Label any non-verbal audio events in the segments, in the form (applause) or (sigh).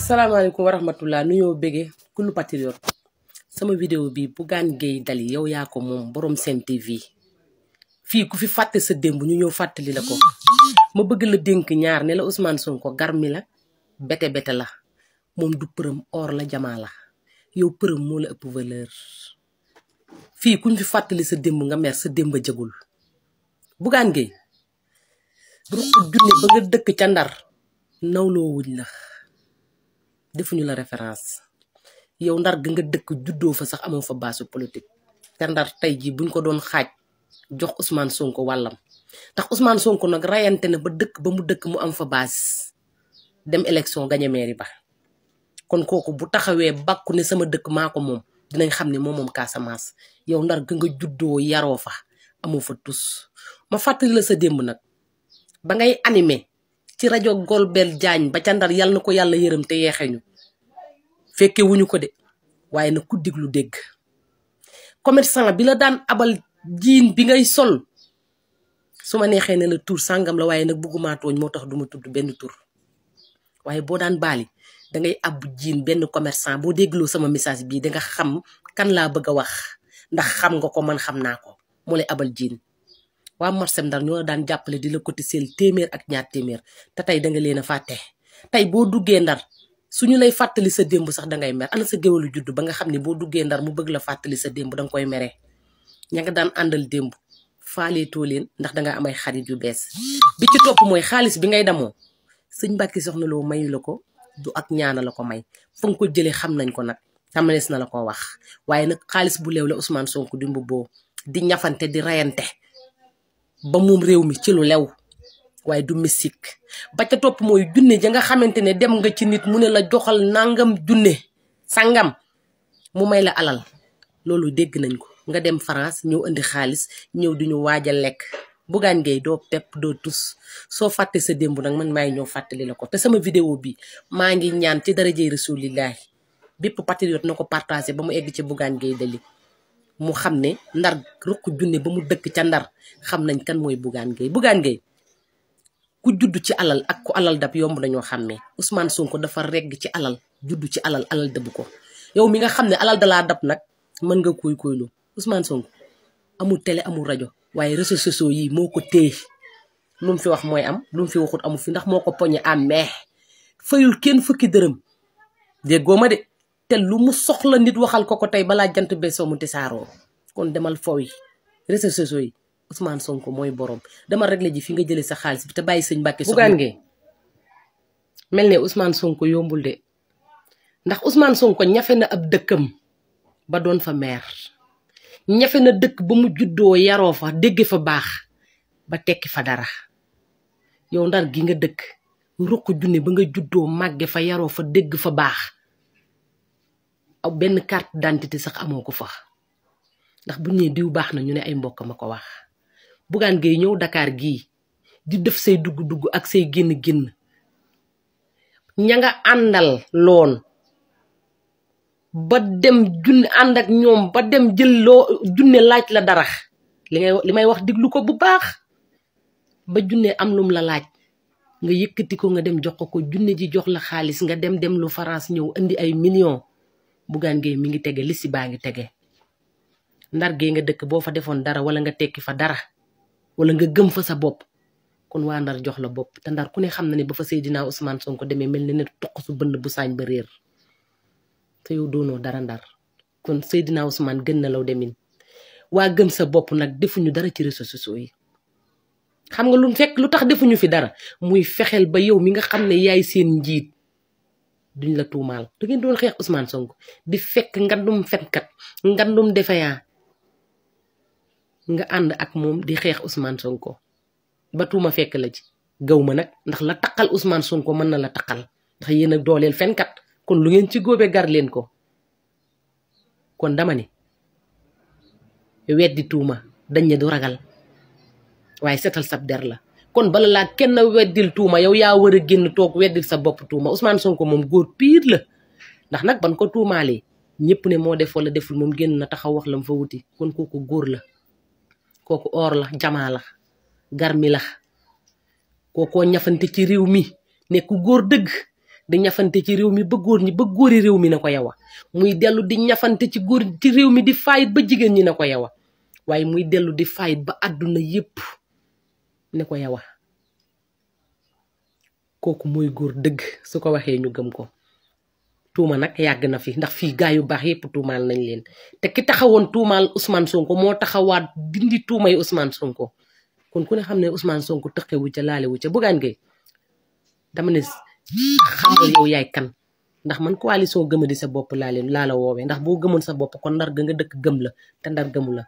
salaamaaleykum wa rahmatulah nuyoo bëggee kullu patriote sama vidéo bi Bougane Gueye Dany yow yaa ko moom borom Sen TV fii ku fi fàtte sa démb ñu ñëw fàttali la ko ma bëgg la dénk ñaar ne la Ousmane Sonko garmi la bete bete la moom du përëm or la jamaa la yow përëm moo la ëpp valeur fii kuñ fi fàttali sa démb nga mer sa démb jagul Bougane Gueye du junne ba nga dëkk ca ndar nawloo wuñ la defuñu la référence yow ndar ga nga dëkk juddoo fa sax amoo fa base politique te ndar tey ji buñ ko doon xaaj jox Ousmane Sonko wàllam tax Ousmane Sonko nag rayante na ba dëkk ba mu dëkk mu am fa base dem élection gañe mairie ba kon kooku bu taxawee bàkku ne sama dëkk maa ko moom dinañ xam ne moom moom Casamance yow ndar ga nga juddoo yaroo fa amoo fa tus ma fàttali la sa démb nag ba ngay animer ci rajo Golbel Diagne ba ca Ndar yàlla na ko yàlla yërëm te yeexe ñu fekke wuñu ko de waaye na ku diglu dégg commerçant bi la daan abal jiin bi ngay sol su ma neexee ne la tur sàngam la waaye nag bëgguma tooñ moo tax duma tudd benn tur waaye boo daan baali dangay abbu jiin benn commerçant boo dégloo sama message bii danga xam kan laa bëgg a wax ndax xam nga ko man xam naa ko mu lay abal jiin wa morsem dal ñoo daan jappalé di la temir témèr ak ñaar témèr ta tay da nga leena faté tay bo duggé ndar suñu lay fatali sa démb sax da ngay mer ana sa gëwelu judd ba nga xamni bo duggé ndar mu bëgg la fatali sa démb da nga koy mere ña nga daan àndal démb leen ndax da nga am ay xarit yu bees bi ci top moy xaalis bi ngay damo señ Mbàkke soxna lo mayu lako du ak ñaana lako may fa ko jëlé xam nañ ko nak tamanees na lako wax nak bu lew la Ousmane Sonko di mbubboo di ñafanté di rayanté ba moom réew mi ci lu lew waaye du mystique ba ca topp mooy junne ja nga xamante ne dem nga ci nit mu ne la joxal nangam junne sangam mu may la alal loolu dégg nañ ko nga dem France ñëw indi xaalis ñëw di ñu waaj a lekk bugaan ngay doo pepp doo tus soo fàtte sa démb nag man maay ñëw fàttali la ko te sama vidéo bi maa ngi ñaan ci darajey rasulillahi bépp patriote na ko partagé ba mu egg ci bugaan ngay dali mu xam ne ndar ruq junne ba mu dëkk ca ndar xam nañ kan mooy Bougane Gueye Bougane Gueye ku judd ci alal ak ku alal dab yomb nañoo xàmmee Ousmane Sonko dafa regg ci alal judd ci alal alal dëbb ko yow mi nga xam ne alal dalaa dab nag mën nga koy koylu Ousmane Sonko amul télé amul rajo waaye réseaux sociaux yi moo ko téye lu mu fi wax mooy am lu fi waxut amu fi ndax moo ko poñe amee fayul kenn fukki dërëm déggoo ma te lu mu soxla nit waxal ko ko tey balaa jant besoo mu tisaaroo kon demal fooy réseaux sociaux yi Ousmane Sonko mooy borom dama réglé fi nga jëlee sa xaalis bi te bàyyi sëñ Mbàkke Bougane Gueye mel ne Ousmane Sonko yombul de ndax Ousmane Sonko ñafe na ab dëkkam ba doon fa maire ñafe na dëkk ba mu juddoo yaroo fa dégg fa baax ba tekki fa dara yow ndar gi nga dëkk ruq junne ba nga juddoo màgge fa yaroo fa dégg fa baax aw ben carte d'identité sax amoko fa ndax bu ñe diw baax na ñu ne ay mbokk mako wax bugaan ngay ñew Dakar gi di def say dugg-dugg ak say genn genn ña nga àndal loon ba dem junne and ak ñom ba dem jël lo junne laaj la dara li ngay limay wax diglu ko bu baax ba junne am lum la laaj nga yëkëti ko nga dem jox ko ji jox la xaaliss nga dem dem lu France ñew indi ay millions Bougane Gueye mi ngi tege liste baa ngi tege ndar gee nga dëkk boo fa defoon dara wala nga tekki fa dara wala nga gëm fa sa bopp kon waa ndar jox la bopp te ndar ku ne xam na ne ba fa Seydina Ousmane ko demee mel ne ne toq su bënn bu saañ ba réer te yow doonoo dara ndar kon Seydina Ousmane gën na law demin waa gëm sa bopp nag defuñu dara ci réseaux sociaux xam nga lu fekk lu tax defuñu fi dara muy fexeel ba yow mi nga xam ne yaay seen njiit duñ la tuumaal da ngeen doon xeex Ousmane Sonko di fekk ngandum fenkat ngandum defaya nga ànd ak moom di xeex Ousmane Sonko ba tuuma fekk la ci gaw ma nag ndax la taqal Ousmane Sonko mën na la taqal ndax yéen a dooleel fenkat kon lu ngeen ci góobe gar leen ko kon dama ni weddi tuuma dañ ne du ragal waaye setal sab der la kon bala la kenn weddil tuuma yow ya wara genn tok weddil sa bop tuuma usman Sonko mom goor pire la ndax nak ban ko tumale ñepp ne mo def la deful mom genn na taxaw wax lam fa wuti kon koku goor la koku or la jama la garmi la koku ñafante ci rew mi ku goor deug di ñafante ci rew mi ba goor ñi ba góori rew mi nako yawa muy delu di ñafante ci goor ci rew mi di fayit ba jigen ñi na yawa waye muy delu di fayit ba aduna yépp ne ko yow a kooku mooy góor dëgg su ko waxee ñu gëm ko tuuma nag yàgg na fi ndax fii gaa yu baax yépp tuumaal nañ leen te ki taxawoon tuumaal Ousmane Sonko moo taxawaat dindi tuumay Ousmane Sonko kon ku ne xam ne Ousmane Sonko tëqewu ca laalewu ca Bougane Gueye dama ne xamal yow yaay kan ndax man coalition gëmadi sa bopp laa leen laa la ndax bo gëmoon sa bopp kon ndar ga nga dëkk gëm la te ndar gëmu la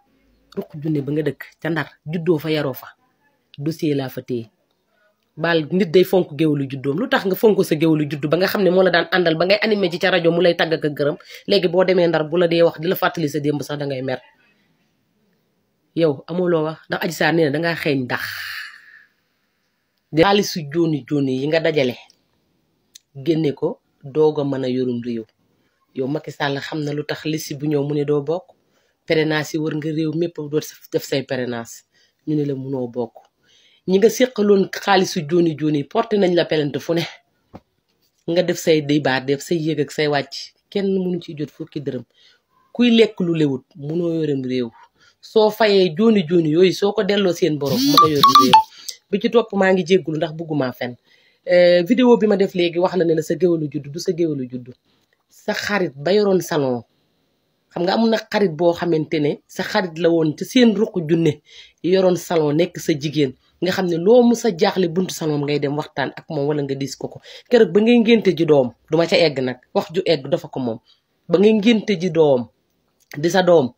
ruq junne ba nga dëkk ca ndar juddoo fa yaroo fa dossier laa fa téye baal nit day fonk géwélu juddoom lu tax nga fonk sa géwélu juddu ba nga xam ne moo la daan àndal ba ngay animé ci ca rajo mu lay tàgg ak gërëm léegi boo demee ndar bu la dee wax di la fàttali sa démb sax da ngay mer yow amuloo wax ndax Adji Sarr nee na dangaa xeeñ ndax xaalisu jooni jooni yi nga dajale génne ko doog a mën a yorum réew yow Macky Sall xam na lu tax lissi bu ñëw mu ne doo bokk parrainage yi wër nga réew mépp doo def say parrainage ñu ne la bokk ñi nga séqaloon xaalisu jooni jooni porté nañ la pelante fu ne nga def say débat def say yëg ak say wàcc kenn mënu ci jot fukki dërëm kuy lekk lu lewut mënoo yorem réew soo fayee jooni jooni yooyu soo ko delloo seen borom mën a yor réew bi ci topp maa ngi jéggulu ndax bëggumaa fen eh, vidéo bi ma def léegi wax na ne la sa géwalu juddu du sa géwalu juddu sa xarit ba yoroon salon xam nga am na xarit boo xamante ne sa xarit la woon ci seen ruq junne yoroon salon nekk sa jigéen nga xamne lo musa mus buntu sa moom ngay dem waxtan ak mom wala nga dis ko ko keroog ba ngay ngenté ji dom duma ca egg nak wax ju egg dafa ko mom ba ngay ngenté ji dom di sa dom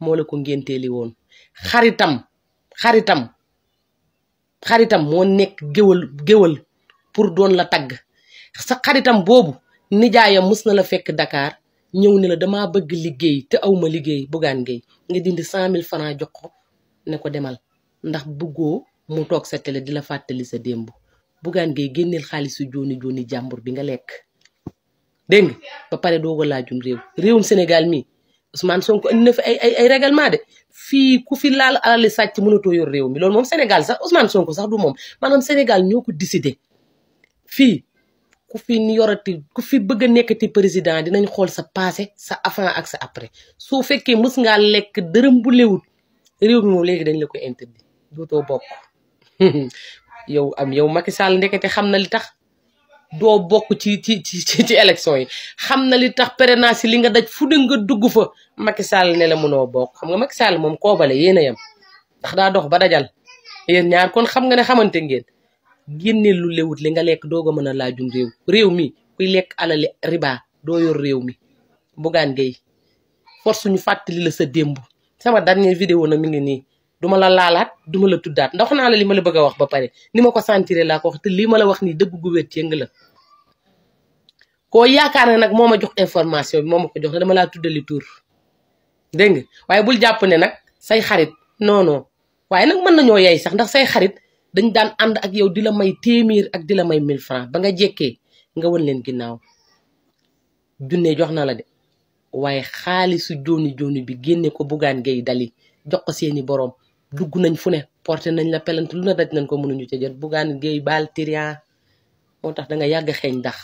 mo la ko li won xaritam xaritam xaritam mo nek geewal geewal pour don la tag sa xaritam bobu la fekk Dakar ñew ni la dama bëgg liggéey te awma liggéey bugaan ngay nga dindi 100000 francs jox ko ne ko demal ndax bëggoo mu toog sa télé di la fàttali sa démb bugaan ngay génneel xaalisu jooni jooni jàmbur bi nga lekk dégg nga ba pare doog a laajum réew réewum Sénégal mi Ousmane Sonko indi na fi ay ay ay règlement de fii ku fi laal alali sàcc mënatoo yor réew mi loolu moom Sénégal sax Ousmane Sonko sax du moom maanaam Sénégal ñoo ko décidé fii ku fi yorati ku fi bëgg a nekkati président dinañ xool sa passé sa avant ak sa après soo fekkee mës ngaa lekk dërëm bu lewut réew mi moom léegi dañ la koy interdit dootoo bokk (laughs) yow am yow Macky Sall ndekete xam na li tax doo bokk ci ci ci ci élection yi xam na li tax parrainage si li nga daj fu de nga dugg fa Macky Sall ne la mënoo bokk xam nga Macky Sall moom koobale yéen a yem ndax daa dox ba dajal yéen ñaar kon xam nga ne xamante ngeen génne lu li nga lekk doog a mën a laajum réew réew mi kuy lekk alali riba doo yor réew mi Bougane Gueye force ñu fàttali la sa démb sama dernière vidéo na mi nii duma la lalat duma la tuddaat ndax na la lima la bëgg wax ba paré ni ma ko sentiré laa ko wax té lima la wax ni dëgg gu wét yëng la ko yaakaar ne nag moo jox information bi moma ko jox dama la tuddali tour dégg nga bul japp né nak say xarit non non waye nak mën nañoo yey sax ndax say xarit dañ daan and ak yow dila may témir ak dila may 1000 francs ba nga jéké nga won len ginnaw dunné jox na la de waye xaalisu joni joni bi génné ko bugaan gay dali jox ko seeni borom dugg nañ fu ne porté nañ la pelante lu ne daj nañ ko mënuñu ca jot Bougane Gueye baal Tyrian moo tax da nga yàgg xeeñ dax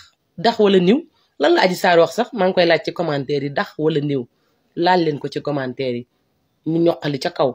dax wala niw lan la Adji Sarr wax sax maa ngi koy laaj ci commentaire yi dax wala niw laal leen ko ci commentaire yi ñu ñoqali ca kaw